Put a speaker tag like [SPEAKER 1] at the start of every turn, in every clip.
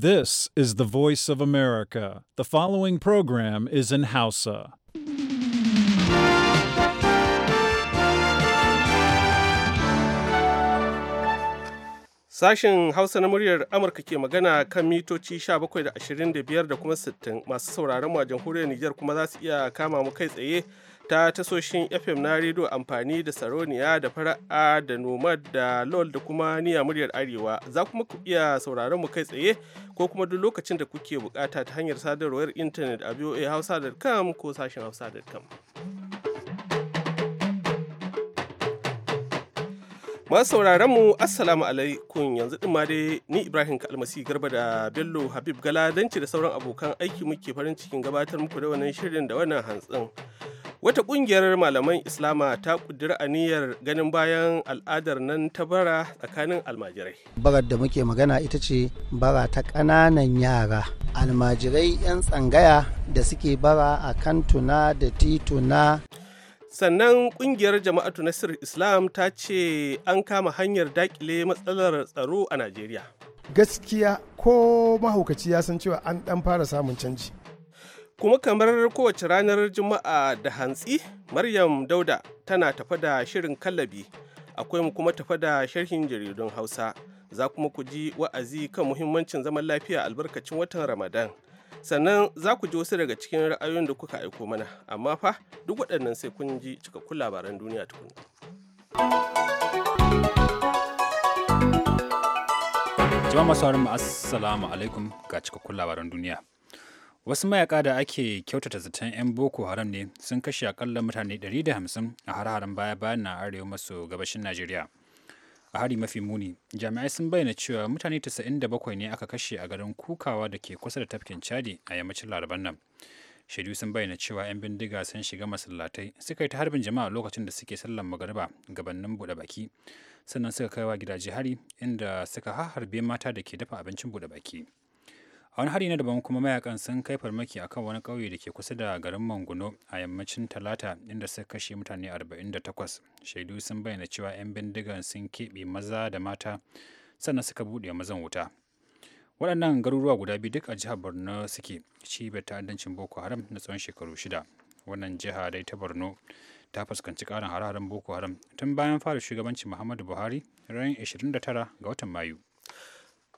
[SPEAKER 1] This is the voice of America. The following program is in Hausa.
[SPEAKER 2] Sashen Hausa na muryar Amurka ke magana kan mitoci 17 da 25 da kuma 60 masu sauraron mu a jamhuriyar Nijar kuma za su iya kama mu kai tsaye ta tasoshin fm na rediyo amfani da saroniya da fara'a da nomad da lol da kuma niya muryar arewa za kuma ku iya sauraron mu kai tsaye ko kuma duk lokacin da kuke bukata ta hanyar sadarwar intanet a hausa.com ko sashen hausa.com masu sauraron mu assalamu alaikum yanzu din ma dai ni ibrahim kalmasi garba da bello habib gala galadanci da sauran abokan aiki muke farin cikin gabatar muku da wannan shirin da wannan hantsin wata ƙungiyar malaman islama ta ƙudiri aniyar ganin bayan al'adar nan ta bara tsakanin almajirai
[SPEAKER 3] barar da muke magana ita ce bara ta ƙananan yara almajirai
[SPEAKER 2] 'yan tsangaya
[SPEAKER 3] da suke bara a kantuna da tituna
[SPEAKER 2] sannan kungiyar jama'atu nasir islam ta ce an kama hanyar dakile matsalar tsaro a najeriya
[SPEAKER 4] gaskiya ko mahaukaci ya san cewa an dan fara samun canji
[SPEAKER 2] kuma kamar kowace ranar juma'a da hantsi maryam dauda tana tafa da shirin kallabi akwai mu kuma tafa da sharhin jaridun hausa za kuma ku ji wa'azi kan muhimmancin zaman lafiya albarkacin watan ramadan sannan za ku ji wasu daga cikin ra'ayoyin da kuka aiko mana amma fa duk waɗannan sai kun ji cikakkun labaran duniya tukuna. jama'a masu assalamu
[SPEAKER 1] alaikum ga cikakkun labaran duniya wasu mayaka da ake kyautata zaton 'yan boko haram ne sun kashe akalla mutane 150 a har-haren baya-bayan na arewa maso gabashin najeriya a hari mafi muni jami'ai sun bayyana cewa mutane 97 ne aka kashe a garin kukawa da ke kusa da tafkin chadi a yammacin laraban nan shaidu sun bayyana cewa 'yan bindiga sun shiga masallatai suka yi ta harbin jama'a lokacin da suke sallan magariba gabanin buɗe baki sannan suka kaiwa gidaje hari inda suka harbe mata da ke dafa abincin buɗe baki a wani hari na daban kuma mayakan sun kai farmaki a kan wani kauye da ke kusa da garin manguno a yammacin talata inda suka kashe mutane 48 shaidu sun bayyana cewa 'yan bindigan sun keɓe maza da mata sannan suka buɗe mazan wuta waɗannan garuruwa guda biyu duk a jihar borno suke cibiyar ta'addancin boko haram na tsawon shekaru shida wannan jiha dai ta borno ta fuskanci ƙarin hare boko haram tun bayan fara shugabancin
[SPEAKER 2] muhammadu buhari ran 29 ga watan mayu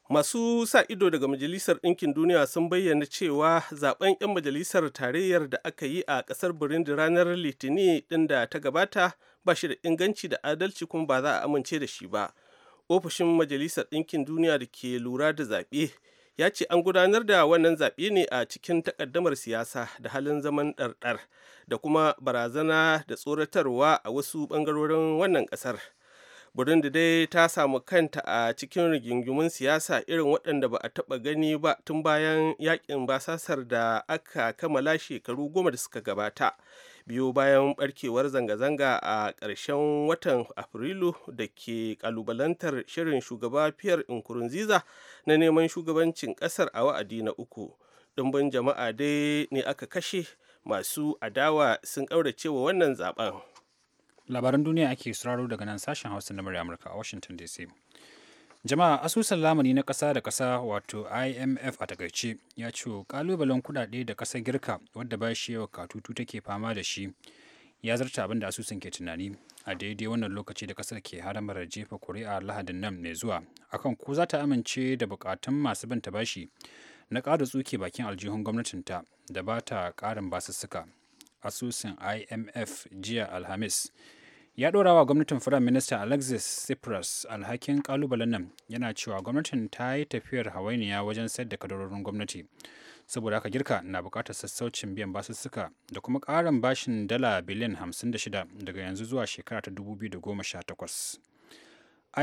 [SPEAKER 2] masu sa ido daga majalisar ɗinkin duniya sun bayyana cewa zaben 'yan majalisar tarayyar da aka yi a ƙasar burundi ranar Litini ɗin da ta gabata ba shi da inganci da adalci kuma ba za a amince da shi ba ofishin majalisar ɗinkin duniya da ke lura da zaɓe ya ce an gudanar da wannan zaɓe ne a cikin takaddamar siyasa da halin zaman ɗarɗar da kuma barazana da tsoratarwa a wasu ɓangarorin wannan ƙasar. burundi dai ta samu kanta a cikin rigingimun siyasa irin waɗanda ba a taɓa gani ba tun bayan yakin basasar da aka kammala shekaru goma da suka gabata biyu bayan barkewar zanga-zanga a ƙarshen watan afrilu da ke ƙalubalantar shirin shugaba fiyar nkurunziza na neman shugabancin ƙasar a wa'adi na uku ɗumbin jama'a dai ne aka kashe masu adawa sun wa wannan zaben.
[SPEAKER 1] labaran duniya ake sauraro daga nan sashen hausa na murya amurka a washington dc jama'a asusun lamani na kasa da kasa wato imf a takaice ya ce kalubalen kudade da ƙasar girka wadda ba shi yawa katutu take fama da shi ya zarta abin da asusun ke tunani a daidai wannan lokaci da kasar ke haramar jefa kuri'a lahadin nan mai zuwa akan ko za ta amince da bukatun masu bin ta bashi na ƙara tsuke bakin aljihun gwamnatinta da ba ta ƙarin basussuka asusun imf jiya alhamis ya ɗora wa gwamnatin firayim minista alexis tsipras alhakin kalubalen nan yana cewa gwamnatin ta yi tafiyar hawainiya wajen sayar da kadarorin gwamnati saboda haka girka na bukatar sassaucin biyan basussuka da kuma ƙarin bashin dala biliyan hamsin da shida daga yanzu zuwa shekara ta dubu biyu da goma sha takwas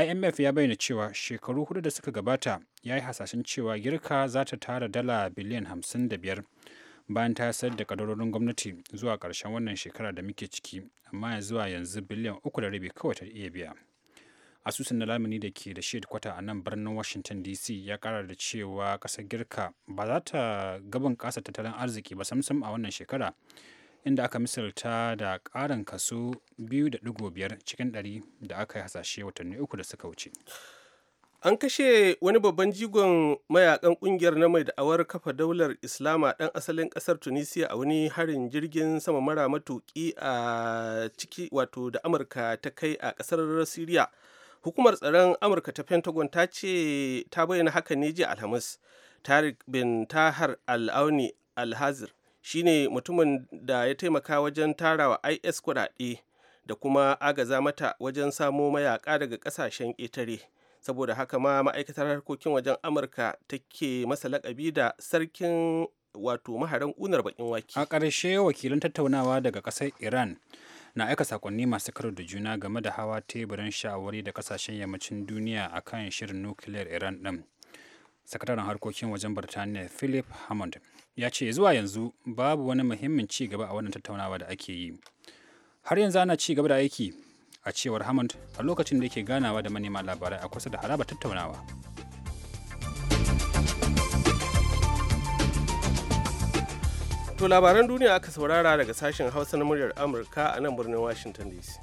[SPEAKER 1] imf ya bayyana cewa shekaru hudu da suka gabata ya yi hasashen cewa girka za ta tara dala biliyan hamsin da biyar. bayan ta sayar da kadarorin gwamnati zuwa karshen wannan shekara da muke ciki amma zuwa yanzu biliyan uku da rabi kawai ta iya biya asusun na lamuni da ke da shed kwata a nan birnin washington dc ya kara da cewa kasar girka ba za ta gaban kasa tattalin arziki ba samsam a wannan shekara inda aka misalta da ƙarin kaso 2.5 cikin 100 da aka yi hasashe
[SPEAKER 2] watanni uku da suka wuce An kashe wani babban jigon mayakan kungiyar na mai da'awar kafa daular Islama ɗan asalin ƙasar Tunisia a wani harin jirgin sama mara matuƙi a ciki wato da Amurka ta kai a ƙasar Siriya. Hukumar tsaron Amurka ta Pentagon ta ce ta bayyana haka ne jiya Alhamis. Tariq bin Tahar Al-Auni Al-Hazir shine mutumin da ya taimaka wajen tarawa IS kuɗaɗe da kuma agaza mata wajen samo mayaka daga ƙasashen ƙetare. saboda haka ma ma'aikatar harkokin wajen amurka take masa lakabi da sarkin wato maharan kunar bakin wake
[SPEAKER 1] a ƙarshe wakilin tattaunawa daga ƙasar iran na aika sakonni masu karo da juna game da hawa teburin shawari da kasashen yammacin duniya akan shirin nukiliyar iran ɗin sakataren harkokin wajen birtaniya philip hammond ya ce zuwa yanzu babu wani muhimmin ci gaba a wannan tattaunawa da ake yi har yanzu ana ci gaba da aiki a cewar hammond a lokacin da yake ganawa da manema labarai a kusa da haraba tattaunawa
[SPEAKER 2] to labaran duniya aka saurara daga sashen hausa na muryar amurka a nan birnin washington dc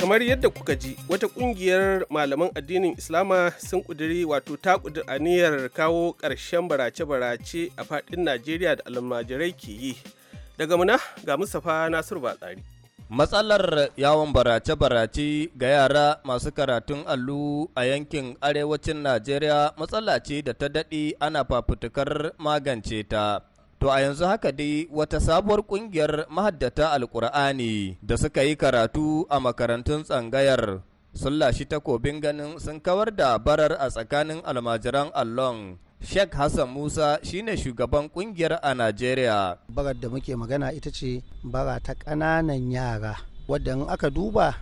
[SPEAKER 2] kamar yadda kuka ji wata kungiyar malaman addinin islama sun kuduri wato ta kudur aniyar kawo ƙarshen barace-barace a faɗin najeriya da almajirai ke yi daga muna ga mustapha nasiru batsari matsalar yawon
[SPEAKER 5] barace-barace ga yara masu karatun allu a yankin arewacin najeriya matsala ce da ta daɗe ana fafutukar magance ta To a yanzu haka dai wata sabuwar kungiyar mahaddata alkur'ani da suka yi karatu a makarantun tsangayar sun lashi takobin ganin sun kawar da barar a tsakanin almajiran allon Sheikh Hassan Musa shine shugaban kungiyar a Najeriya.
[SPEAKER 3] Barar da muke magana ita ce bara ta ƙananan yara wadda aka duba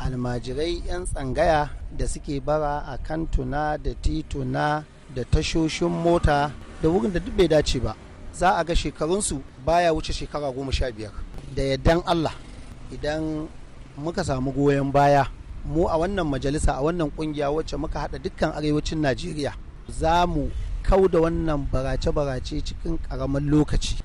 [SPEAKER 3] almajirai 'yan tsangaya da suke bara a kantuna da tituna da tashoshin mota da wurin da duk bai dace ba. za a ga shekarunsu baya wuce shekara goma sha biyar da yardan allah idan muka samu goyon baya mu a wannan majalisa a wannan kungiya wacce muka hada dukkan arewacin najeriya za mu kau da wannan barace-barace cikin karamin lokaci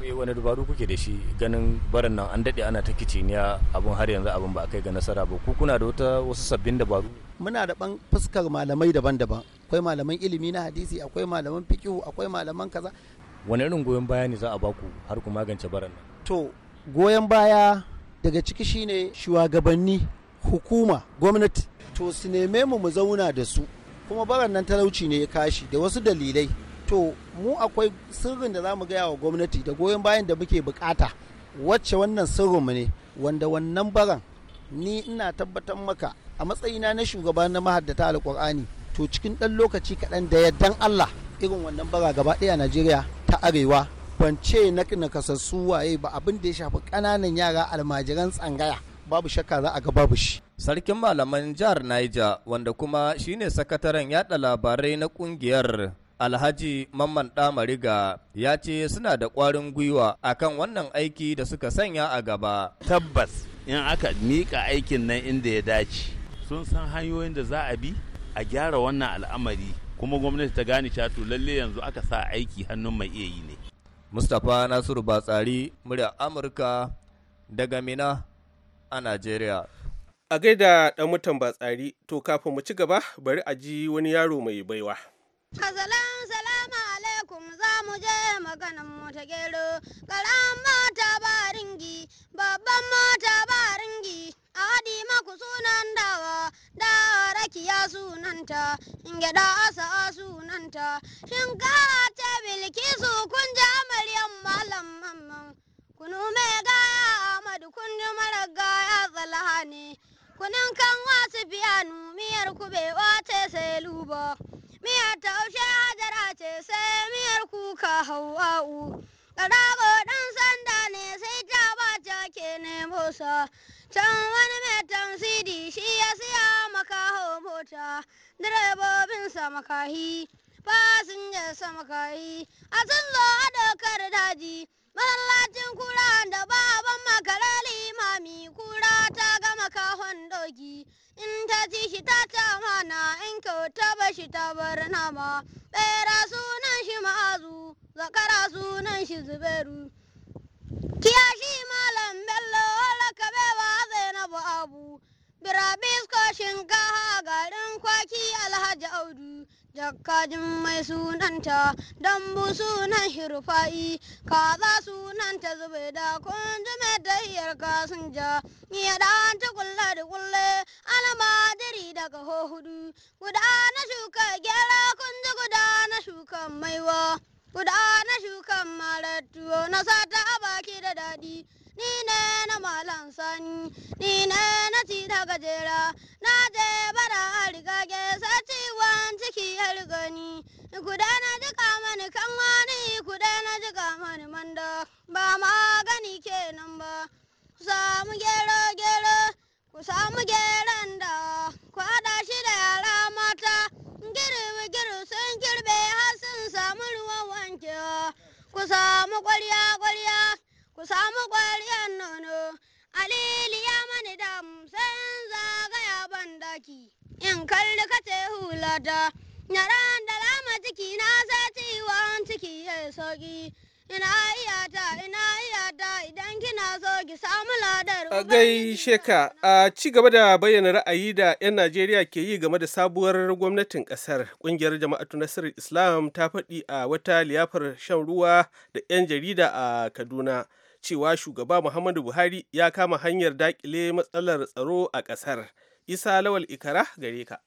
[SPEAKER 5] me wani dubaru kuke da shi ganin barin nan an daɗe ana ta kiciniya abin har yanzu abin ba a kai ga nasara ba ku kuna da wata wasu sabbin dabaru
[SPEAKER 3] muna da ban fuskar malamai daban-daban akwai malaman ilimi na hadisi akwai malaman fikihu akwai malaman kaza
[SPEAKER 5] wani irin goyon baya ne za a baku har ku magance baran nan
[SPEAKER 3] to goyon baya daga ciki shine shugabanni hukuma gwamnati to su neme mu mu zauna da su kuma baran nan talauci ne ya kashi da wasu dalilai to mu akwai sirrin da za mu gaya wa gwamnati da goyon bayan da muke bukata wacce wannan mu ne wanda wannan baran ni ina tabbatar maka a matsayina na shugaba na mahaddata alkur'ani to cikin ɗan lokaci kaɗan da yardan allah irin wannan bara gaba ɗaya a najeriya arewa ban ce na nakasassu waye ba abin da ya shafi ƙananan yara almajiran tsangaya babu shakka
[SPEAKER 5] za a ga babu shi. Sarkin malaman jihar Niger wanda kuma shine sakataren yada labarai na kungiyar Alhaji Mamman Damariga ya ce suna da ƙwarin gwiwa akan wannan aiki da suka sanya a gaba. Tabbas in aka mika aikin nan inda ya dace sun san hanyoyin da za a bi a gyara wannan al'amari kuma gwamnati ta gane cewa to lalle yanzu aka sa aiki hannun mai iya yi ne mustapha
[SPEAKER 2] nasiru batsari murya amurka daga mina a najeriya a gaida dan mutan batsari to kafin mu ci gaba bari a ji wani yaro mai baiwa azalan alaikum
[SPEAKER 6] za mu je maganin mu ta gero karan mota ba ringi babban mota ba ringi a haɗi maku sunan dawa dawa rakiya sunanta in gyaɗa asa sunanta shinkawa ce bilkisu kun ji amaryan malam mamman kunu mai gaya amadu kun ji mara gaya tsalaha ne kunin kan wasu biyanu miyar kubewa ce sai luba miyar taushe hajara ce sai miyar kuka hau'a'u ƙarago ɗan sanda ne sai ta ba ke nemo sa can wani mai tansidi shi ya siya makaho mota direbobinsa makahi fasinjarsa samakahi a sun a dokar daji masallacin kura da baban makara limami kura ta gama kahon doki in ta ci shi ta ta mana in kyauta ba shi ta bar nama bera sunan shi ma'azu zakara sunan shi zubairu malam bello laka bewa zainabu abu birabisko shinkaha garin kwaki alhaji audu jakkajin mai sunanta dambu sunan hirfa'i kaza sunanta zube da kunji mai dayyar kasinja iya da da kulle almadiri daga hudu guda na shuka gyara kunji guda na shuka maiwa guda na shukan maratu na sata a baki da daɗi ni ne na sani ni ne na ci da gajera na je bara a riga ciwon ciki ya riga ni guda na ji mani kan wani guda na ji kamani manda ba magani kenan ba ku samu gero gero ku samu geron da ku haɗa shi da yara mata girbi girbi sun girbe har sun samu ruwan wankewa ku samu ƙwarya ku samu ƙwariyar nono alili ya mani dam sun zagaya ban daki in kalli ka ce hulata na ran da lama ciki na sa ciwon ciki ya soki. ina iyata ina iyata
[SPEAKER 2] idan kina so ki samu ladar a gai, sheka, a ci gaba da bayyana ra'ayi da 'yan najeriya ke yi game da sabuwar gwamnatin kasar kungiyar jama'atu nasir islam ta faɗi a wata liyafar shan ruwa da 'yan jarida a kaduna cewa shugaba Muhammadu Buhari ya kama hanyar dakile matsalar tsaro a ƙasar. Isa Lawal Ikara gare ka.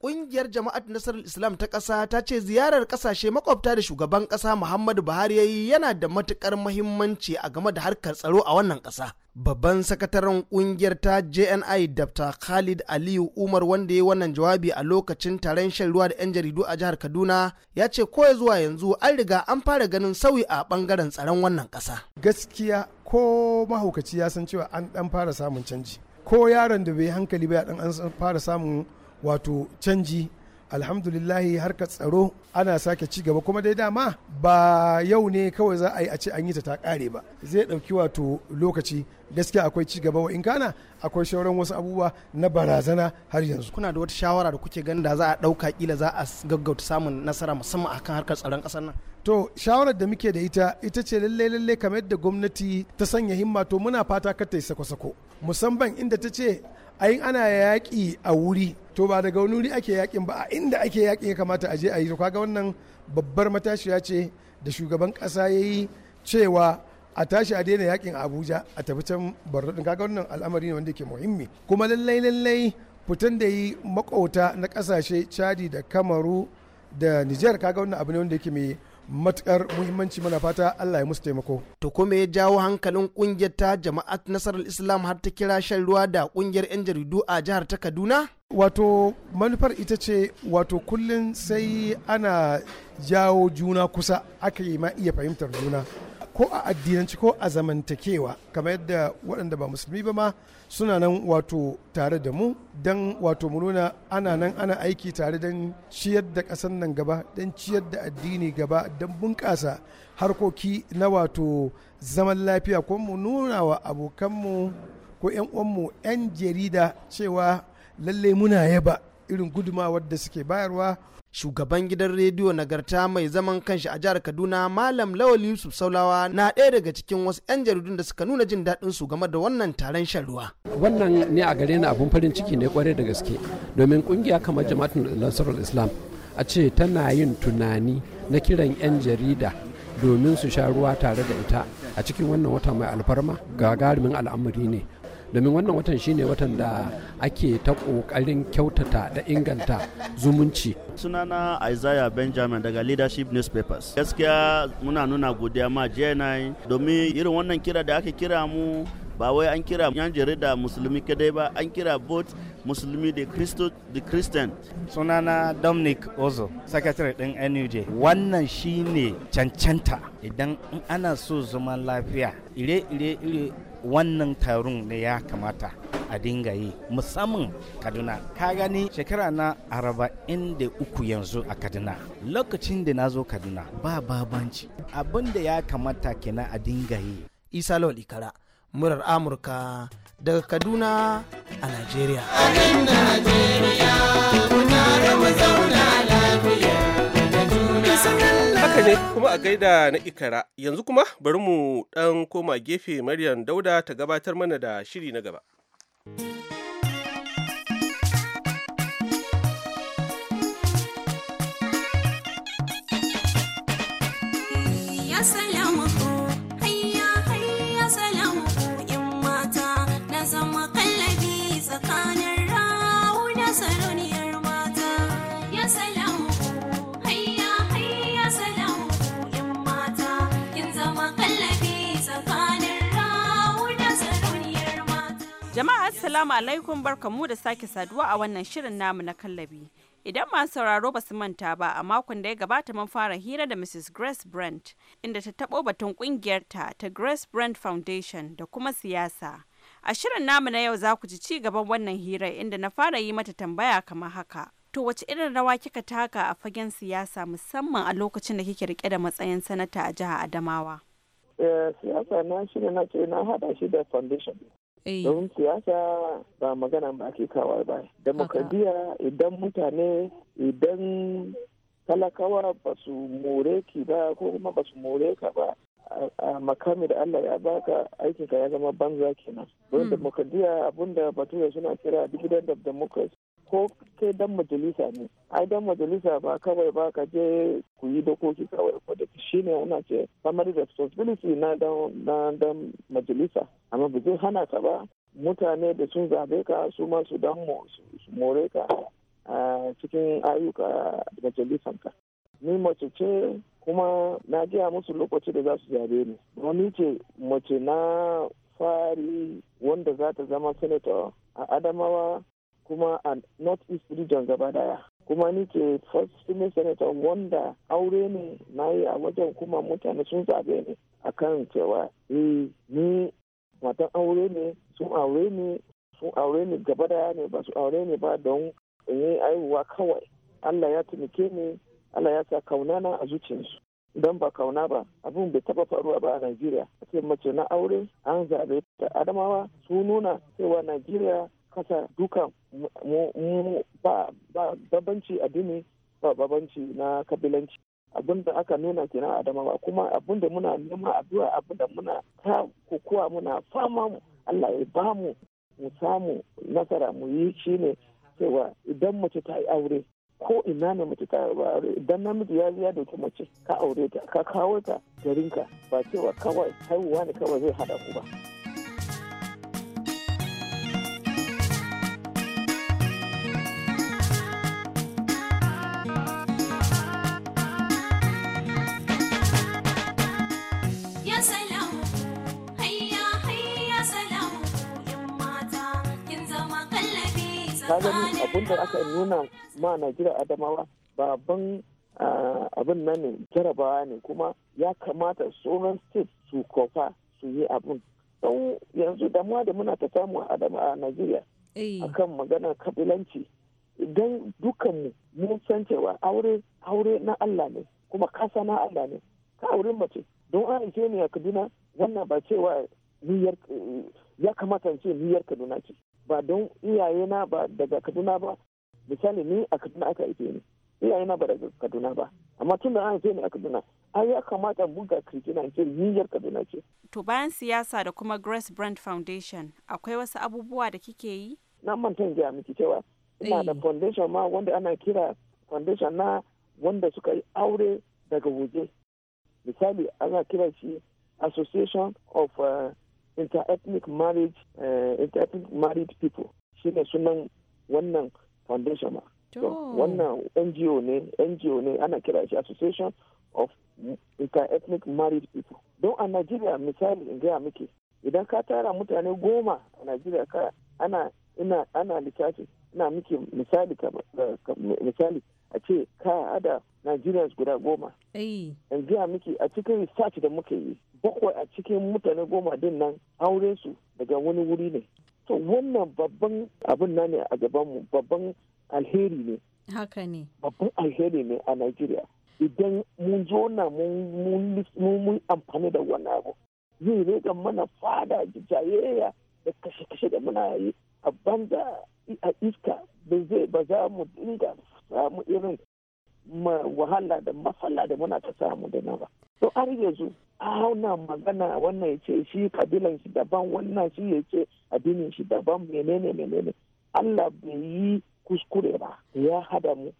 [SPEAKER 4] Ƙungiyar Jama'at Nasarar Islam ta ƙasa ta ce ziyarar ƙasashe makwabta da shugaban ƙasa Muhammadu Buhari ya yi yana da matuƙar mahimmanci a game da harkar tsaro a wannan ƙasa. Babban sakataren ƙungiyar ta JNI Dr. Khalid Aliyu Umar wanda ya yi wannan jawabi a lokacin taron shan ruwa da 'yan jaridu a jihar Kaduna ya ce ko zuwa yanzu an riga an fara ganin sauyi a ɓangaren tsaron wannan ƙasa. Gaskiya ko mahaukaci ya san cewa an ɗan fara samun canji. Ko yaron da bai hankali ba ya ɗan an fara samun wato canji alhamdulillahi harka tsaro ana sake ci gaba kuma dai dama ba yau ne kawai za a yi a ce an yi ta ta kare ba zai ɗauki wato lokaci gaskiya akwai ci gaba wa in kana akwai shauran wasu abubuwa na barazana har yanzu kuna da wata shawara da kuke ganin da za a ɗauka kila za a gaggauta samun nasara musamman akan harkar tsaron ƙasar nan to shawarar da muke da ita ita ce lalle lalle kamar yadda gwamnati ta sanya himma to muna fata kar ta yi sako-sako musamman inda ta ce ai ana yaƙi a wuri to ba daga wani wuri ake yaƙin ba a inda ake yaƙin ya kamata a je a yi to kaga wannan babbar matashiya ce da shugaban ƙasa ya yi cewa a tashi a daina yaƙin abuja a tafi can borno ɗin kaga wannan al'amari ne wanda ke muhimmi kuma lallai lallai fitan da yi makauta na ƙasashe chadi da kamaru da nijar kaga wannan abu ne wanda yake mai matukar muhimmanci mana fata Allah ya musu taimako. To kuma ya jawo hankalin kungiyar ta jama'at nasarar Islam har ta kira shan ruwa da kungiyar 'yan jaridu a jihar ta Kaduna? Wato manufar ita ce wato kullum sai ana jawo juna kusa aka yi ma iya fahimtar juna. ko a addinanci ko a zamantakewa kamar yadda waɗanda ba musulmi ba ma suna nan wato tare da mu don wato mu nuna ana nan ana aiki tare don ciyar da ƙasar nan gaba don ciyar da addini gaba don bunƙasa harkoki na wato zaman lafiya ko mu nuna wa abokanmu ko 'yan uwanmu 'yan jarida cewa lallai muna yaba irin gudumawar da suke bayarwa shugaban gidan rediyo nagarta mai zaman kanshi a jihar kaduna malam lawal yusuf saulawa na ɗaya daga cikin wasu 'yan jaridun da suka nuna jin daɗin su game da wannan taron shan ruwa wannan ne a gare ni
[SPEAKER 3] abun farin ciki ne kwarai da gaske domin kungiya kamar jama'atun nasarar islam a ce tana yin tunani na kiran 'yan jarida domin su sha ruwa tare da ita a cikin wannan wata mai alfarma gagarumin al'amari ne domin wannan watan shine watan da ake ta kokarin kyautata da inganta zumunci
[SPEAKER 5] sunana isaiah benjamin daga leadership newspapers gaskiya muna nuna godiya ma jni domin irin wannan kira da ake kira mu ba wai an kira yan jarida musulmi kadai ba an kira both musulmi da christo da christian sunana dominic ozo secretary din nuj wannan shine cancanta idan ana so zaman lafiya ire-ire wannan taron ne ya kamata a dinga yi musamman kaduna ka gani shekara na arba'in da uku yanzu a kaduna lokacin da na zo kaduna ba babanci abin da ya kamata kenan a dinga yi isa lolikara murar amurka daga kaduna
[SPEAKER 2] a najeriya haka ne kuma a gaida na ikara yanzu kuma bari mu ɗan koma gefe maryam dauda ta gabatar mana da shiri na gaba.
[SPEAKER 7] Jama'a Assalamu alaikum barkamu da sake saduwa a wannan shirin namu na kallabi. Idan masu sauraro ba su manta ba a makon da ya gabata mun fara hira da Mrs. Grace Brent inda ta taɓo batun ƙungiyarta ta Grace Brent Foundation da kuma siyasa. A shirin namu na yau za ku ji ci gaban wannan hirar inda na fara yi mata tambaya kamar haka. To wace irin rawa kika taka a fagen siyasa musamman a lokacin da kike rike da matsayin sanata a jihar Adamawa?
[SPEAKER 8] Eh, siyasa na shi na ce na hada shi da foundation Eh. domin siyasa ba magana ba ake kawo ba demokradiyya idan mutane idan talakawa ba su more ki ba ko kuma ba su more ka ba a makami da Allah ya baka aikinka ya zama banza kenan don hmm. demokradiyya abinda bature suna kira dividend of democracy ko ke dan majalisa ne ai dan majalisa ba kawai ba ka je ku yi dokoki kawai ko da shi ne ana ce family responsibility na dan majalisa amma ba zai hana ka ba mutane da sun zabe ka su ma su dan more ka a cikin ayyuka ka ni mace ce kuma na gaya musu lokaci da za su zabe ni wani ce mace na fari wanda za ta zama senator a adamawa kuma a north east region gaba daya kuma ni ke first female senator wanda aure ne na yi a wajen kuma mutane sun zabe ne a kan cewa eh ni matan aure ne sun aure ne sun aure ne gaba daya ne ba su aure ne ba don in yi aihuwa kawai Allah ya tunike ni Allah ya sa kauna na a zuciyarsu don ba kauna ba abin bai taba faruwa ba a Najeriya ce mace na aure an zabe ta Adamawa su nuna cewa Najeriya kasa duka mu ba babanci addini ba babanci na kabilanci abinda aka nuna kenan adamawa kuma abin da muna nema addu'a abin da muna ta kokowa muna fama mu Allah ya ba mu mu samu nasara mu yi shi ne cewa idan mace ta yi aure ko ina ne mace ta yi aure idan namiji ya ya dauki mace ka aure ta ka kawo ta garinka ba cewa kawai haihuwa ne kawai zai hada ku ba. ka gani abin da aka nuna ma najeriya adamawa baban abin nan ne jarabawa ne kuma ya kamata sauran state su kofa su yi abin don yanzu damuwa da muna ta samu a najeriya eh. akan magana kabilanci idan dukanmu mun san cewa aure na allah ne kuma kasa na allah ne ka auren mace don an ce ne a kaduna wannan ba cewa ya kamata ce niyyar kaduna ce ba don iyaye na ba daga kaduna ba misali ni a kaduna aka aike ni na ba daga kaduna ba amma tun da an aike ni a kaduna ai ya kamata buga kirkina ce niyyar kaduna ce.
[SPEAKER 7] to bayan siyasa da kuma grace brand foundation akwai wasu abubuwa da kike yi.
[SPEAKER 8] na manta gaya miki cewa ina da eh. foundation ma wanda ana kira foundation na wanda suka yi aure daga waje misali ana kira shi association of eh, Inter ethnic marriage eh, Inter ethnic married people ne sunan wannan foundation ma
[SPEAKER 2] So wannan
[SPEAKER 8] ngo ne ngo ne ana kira shi association of inter ethnic married people don a najeriya misali in gaya muke idan ka tara mutane goma a najeriya ka ana ina ana lissafi ina miki misali eh, misali a ce ka hada nigerians guda goma in gaya miki a cikin research da muke yi bakwai a cikin mutane goma din nan aure su daga wani wuri ne to wannan babban abin na ne a gabanmu babban alheri ne haka ne babban alheri ne a nigeria. idan mun zo na mun amfani da wannan abu zai rega mana fada jayayya da kashe-kashe da muna yi a banza a iska ba za mu dinga samu irin wahala da matsala da muna ta samu da nan ba. To har yanzu auna magana wannan ya ce shi kabilan shi daban wannan shi ya ce addinin shi daban menene menene Allah bai yi kuskure ba ya hada mu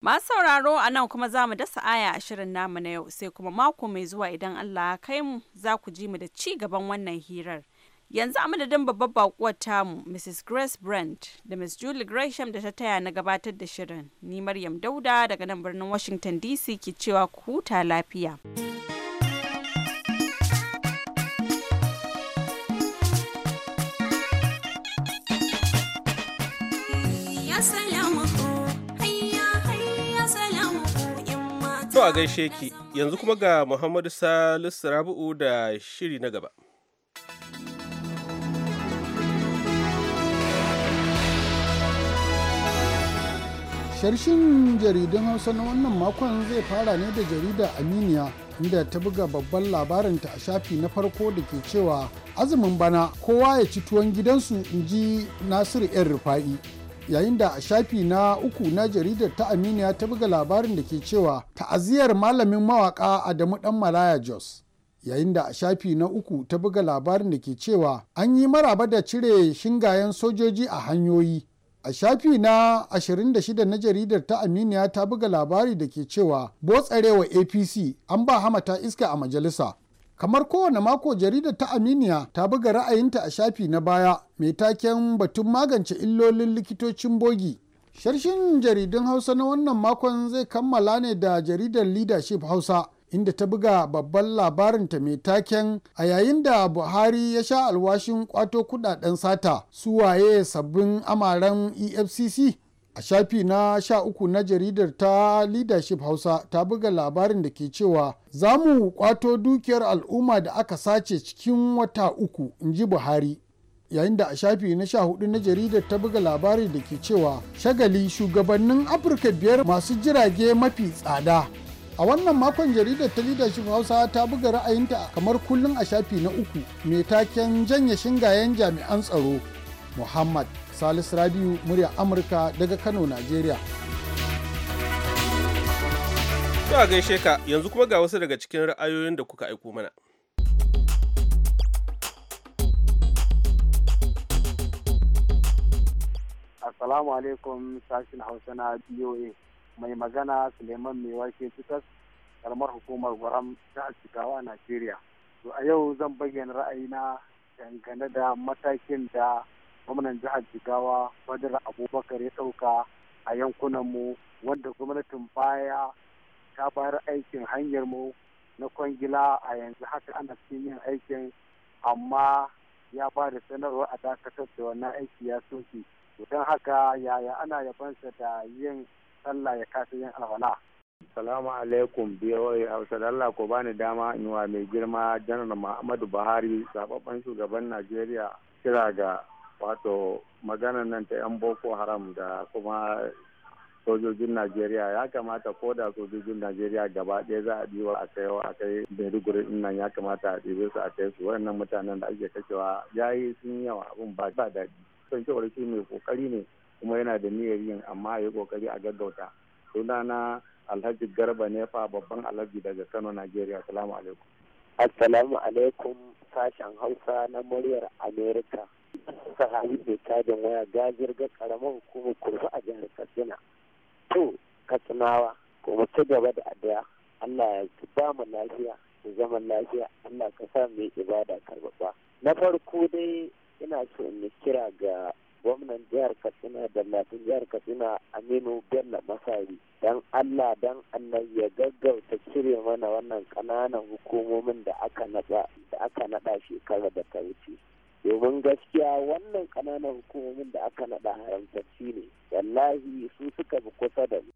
[SPEAKER 7] Masu sauraro a nan kuma za mu dasa aya a shirin namu na yau sai kuma mako mai zuwa idan Allah kai mu za ku ji mu da ci gaban wannan hirar. Yanzu a madadin babbar bakuwar tamu Mrs. Grace Brent da Miss Julie Gresham da ta taya na gabatar da shirin. Ni Maryam Dauda daga nan birnin Washington DC ke cewa ku huta lafiya. To a
[SPEAKER 2] gaishe ki yanzu kuma ga Muhammadu Salisu Rabu'u da shiri na gaba.
[SPEAKER 9] Sharshin jaridun Hausa na wannan makon zai fara ne da jarida Aminiya inda ta buga babban labarinta a shafi na farko da ke cewa azumin bana kowa ya ci tuwon gidansu in ji Nasiru 'yan rufa'i. yayin da a shafi na uku na jaridar ta aminiya ta buga labarin da ke cewa ta'aziyar malamin mawaka adamu dan malaya jos yayin da a shafi na uku ta buga labarin da ke cewa an yi maraba da cire shingayen sojoji a hanyoyi a shafi na 26 na jaridar ta aminiya ta buga labari da ke cewa botsarewa apc an ba hamata iska a majalisa kamar kowane mako jaridar ta aminiya ta buga ra'ayinta a shafi na baya mai taken batun magance illolin likitocin bogi sharshin jaridun hausa na wannan makon zai kammala ne da jaridar leadership hausa inda ta buga babban labarinta mai taken a yayin da buhari ya sha alwashin kwato kudaden sata su waye sabbin amaren efcc a shafi na sha uku na jaridar ta leadership hausa ta buga labarin da ke cewa za mu kwato dukiyar al'umma da aka sace cikin wata uku in ji buhari yayin da a shafi na sha hudu na jaridar ta buga labarin da ke cewa shagali shugabannin afirka biyar masu jirage mafi tsada a wannan makon jaridar ta leadership hausa ta buga ra'ayinta kamar kullum a shafi na uku mai taken janye shingayen jami'an tsaro muhammad Salisu Rabiu murya Amurka daga Kano, Najeriya.
[SPEAKER 2] a gaishe ka yanzu kuma ga wasu daga cikin ra'ayoyin da kuka aiko mana.
[SPEAKER 8] Assalamu alaikum sashin Hausa na BOA mai magana Suleiman Mewake Tutas karamar hukumar Gwaram ta a Najeriya. To a yau zan bayyana ra'ayina dangane da matakin da gwamnan jihar jigawa badar abubakar ya ɗauka a yankunan mu wanda gwamnatin baya ta bayar aikin hanyar mu na kwangila a yanzu haka ana cikin yin aikin amma ya ba da sanarwa a dakatar da wannan aiki ya soke don haka yaya ana yabansa da yin sallah ya kasa yin alwala Salamu alaikum biyoyi a Allah ko bani dama in mai girma janar Muhammadu Buhari zababben shugaban Najeriya kira ga wato magana nan ta 'yan boko haram da kuma sojojin najeriya ya kamata ko da sojojin najeriya gaba ɗaya za a ɗiwa a kai a kai maiduguri in nan ya kamata a ɗibe su a kai su wannan mutanen da ake kashewa ya yi sun yawa abin ba ba daɗi son cewar shi mai kokari ne kuma yana da niyyar yin amma ya yi kokari a gaggauta sunana alhaji garba nefa babban alhaji daga kano najeriya salamu alaikum assalamu alaikum sashen hausa na muryar america ka hali mai kajin waya gajirga karamar hukumar kurfa a jihar katsina to katsinawa ko mu gaba da adaya allah ya ba mu lafiya da zaman lafiya allah ka sa mu ibada karbaba na farko dai ina so in yi kira ga gwamnan jihar katsina da latin jihar katsina aminu bello masari dan allah dan allah ya gaggauta cire mana wannan kananan hukumomin da aka naɗa shekara da ta wuce domin gaskiya wannan ƙananan hukumomin da aka naɗa haramtacci ne wallahi su suka bi kusa da mu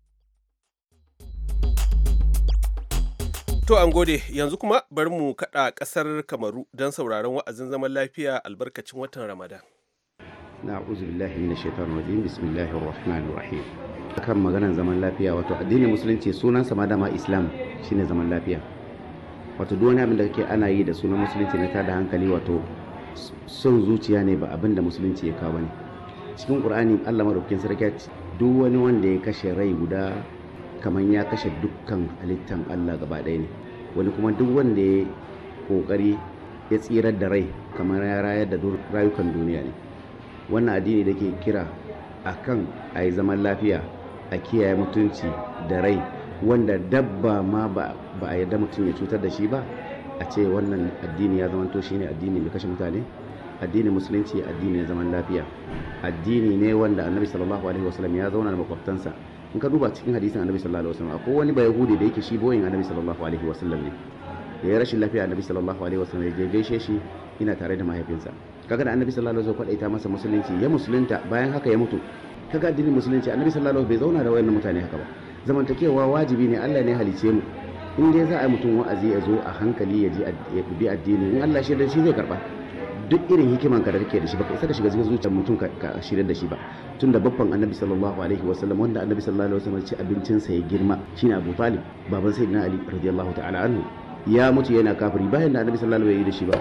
[SPEAKER 2] To an gode yanzu kuma bari mu kaɗa ƙasar Kamaru don sauraron wa'azin zaman lafiya albarkacin watan Ramadan.
[SPEAKER 5] na billahi minash shaitanir rajim bismillahir rahmanir rahim kan maganar zaman lafiya wato addinin musulunci sunan sama ma dama islam shine zaman lafiya wato duk wani abin da kake ana yi da sunan musulunci na tada hankali wato son zuciya ne ba abin da musulunci ya kawo ne cikin ƙur'ani allah maɗaukakin sarki duk wani wanda ya kashe rai guda kamar ya kashe dukkan halittan allah gaba ɗaya ne wani kuma duk wanda ya ƙoƙari ya tsirar da rai kamar ya rayar da rayukan duniya ne wannan addini da ke kira a kan a yi zaman lafiya a kiyaye mutunci da rai wanda dabba ma ba a yarda mutum ya cutar da shi ba a ce wannan addini ya zamanto shine addini mai kashe mutane addinin musulunci addini ne zaman lafiya addini ne wanda annabi sallallahu alaihi wasallam ya zauna da makwabtansa in ka duba cikin hadisin annabi sallallahu alaihi wasallam akwai wani bayahudi da yake shi boyin annabi sallallahu alaihi wasallam ne da ya rashin lafiya annabi sallallahu alaihi wasallam ya je gaishe shi ina tare da mahaifinsa kaga da annabi sallallahu alaihi wasallam kwadaita masa musulunci ya musulunta bayan haka ya mutu kaga addinin musulunci annabi sallallahu alaihi wasallam bai zauna da wayannan mutane haka ba zamantakewa wajibi ne Allah ne halice mu in dai za a yi mutum wa'azi ya zo a hankali ya ji ya bi addini in Allah shi da shi zai karba duk irin hikiman ka da kake da shi baka isa ka shiga zuciyar mutum ka shirin da shi ba tunda babban annabi sallallahu alaihi wasallam wanda annabi sallallahu alaihi wasallam ce abincin sa ya girma shine Abu Talib baban sayyidina Ali radiyallahu ta'ala anhu ya mutu yana kafiri bayan da annabi sallallahu alaihi wasallam ya yi da shi ba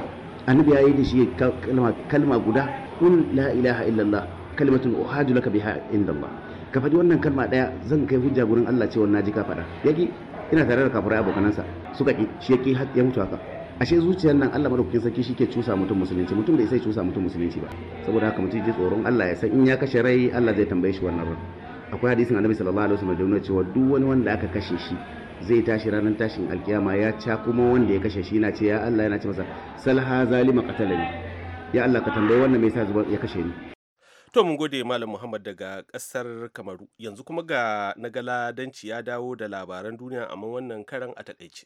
[SPEAKER 5] annabi ya yi da shi kalma kalma guda kul la ilaha illallah kalimatun uhadu laka biha indallah ka faɗi wannan kalma daya zan kai hujja gurin Allah cewa ji ka faɗa yaki ina tare da kafirai abokanansa suka ki shi yake ya mutu haka ashe zuciyar nan Allah madaukakin sarki shi ke cusa mutum musulunci mutum bai sai cusa mutum musulunci ba saboda haka mutum ji tsoron Allah ya san in ya kashe rai Allah zai tambaye shi wannan ran akwai hadisin annabi sallallahu alaihi wasallam da nuna cewa duk wani wanda aka kashe shi zai tashi ranar tashin alkiyama ya ca kuma wanda ya kashe shi yana ce ya Allah yana ce masa salha zalima qatalani ya Allah ka tambaye wannan me yasa ya kashe ni
[SPEAKER 2] To mun gode Malam Muhammad daga ƙasar Kamaru. Yanzu kuma ga nagala danci ya dawo da labaran duniya amma wannan karan a takaice.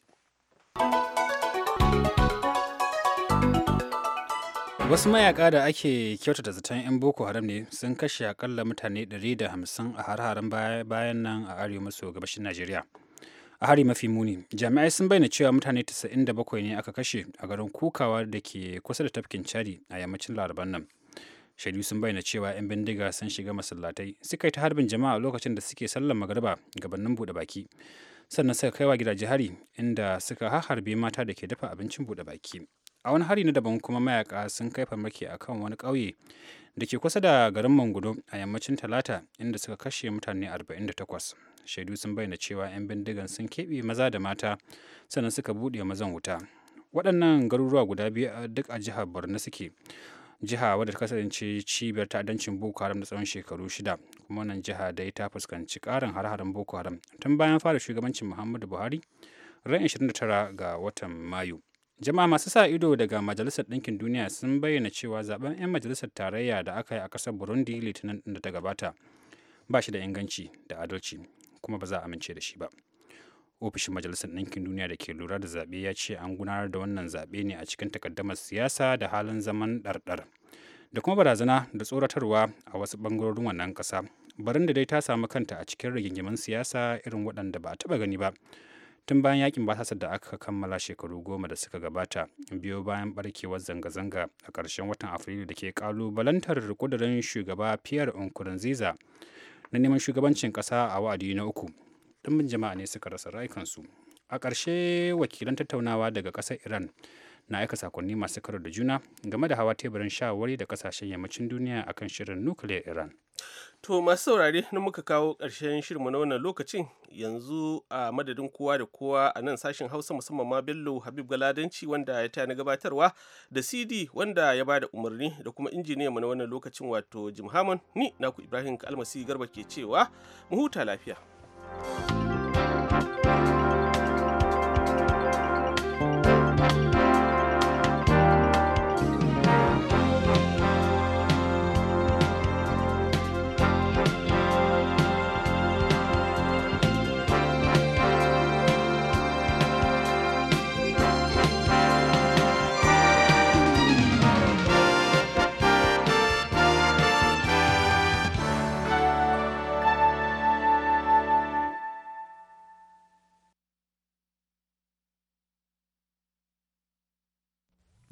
[SPEAKER 1] Wasu mayaka da ake kyautata zaton 'yan Boko Haram ne sun kashe akalla mutane 150 a har-haren bayan nan a arewa maso gabashin Najeriya. a hari mafi muni jami'ai sun bayyana cewa mutane 97 ne aka kashe a garin kukawa da ke kusa da tafkin cari a yammacin laraban nan shaidu sun bayyana cewa 'yan bindiga sun shiga masallatai suka yi ta harbin jama'a lokacin da suke sallar magariba gabanin buɗe baki sannan suka kaiwa gidaje hari inda suka harbe mata da ke dafa abincin buɗe baki a wani hari na daban kuma mayaka sun kai farmaki a kan wani ƙauye da ke kusa da garin mangudo a yammacin talata inda suka kashe mutane 48 shaidu sun bayyana cewa 'yan bindigan sun keɓe maza da mata sannan suka buɗe mazan wuta waɗannan garuruwa guda biyu duk a jihar borno suke jiha wadda ta kasance cibiyar ta'addancin boko haram da tsawon shekaru shida kuma wannan jiha dai ta fuskanci karin har-haren boko haram tun bayan fara shugabancin muhammadu buhari ran 29 ga watan mayu jama'a masu sa ido daga majalisar ɗinkin duniya sun bayyana cewa zaben 'yan majalisar tarayya da aka yi a ƙasar burundi litinin da ta gabata ba shi da inganci da adalci kuma ba za a amince da shi ba ofishin majalisar ɗinkin duniya da ke lura da zaɓe ya ce an gudanar da wannan zaɓe ne a cikin takaddamar siyasa da halin zaman ɗarɗar da kuma barazana da tsoratarwa a wasu ɓangarorin wannan ƙasa barin da dai ta samu kanta a cikin rigingimin siyasa irin waɗanda ba a taɓa gani ba tun bayan yakin basasar da aka kammala shekaru goma da suka gabata biyo bayan barkewar zanga-zanga a ƙarshen watan afrilu da ke ƙalubalantar kudurin shugaba pierre nkurunziza na neman shugabancin ƙasa a wa'adi na uku ɗimbin jama'a ne suka rasa rayukansu a ƙarshe wakilan tattaunawa daga ƙasar iran na aika sakonni masu karo da juna game da hawa teburin shawari da kasashen yammacin duniya akan shirin nukiliyar
[SPEAKER 2] iran to masu saurare na muka kawo ƙarshen shirinmu na wannan lokacin yanzu a madadin kowa da kowa a nan sashen hausa musamman ma bello habib galadanci wanda ya na gabatarwa da cd wanda ya bada umarni da kuma injiniya mu na wannan lokacin wato jim hamon ni naku ibrahim kalmasi garba ke cewa mu huta lafiya Thank you.